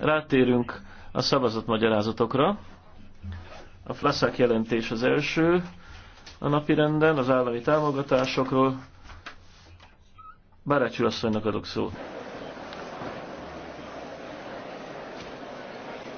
Rátérünk a szavazatmagyarázatokra. A Flaszák jelentés az első a napi renden, az állami támogatásokról. Bárácsi asszonynak adok szót.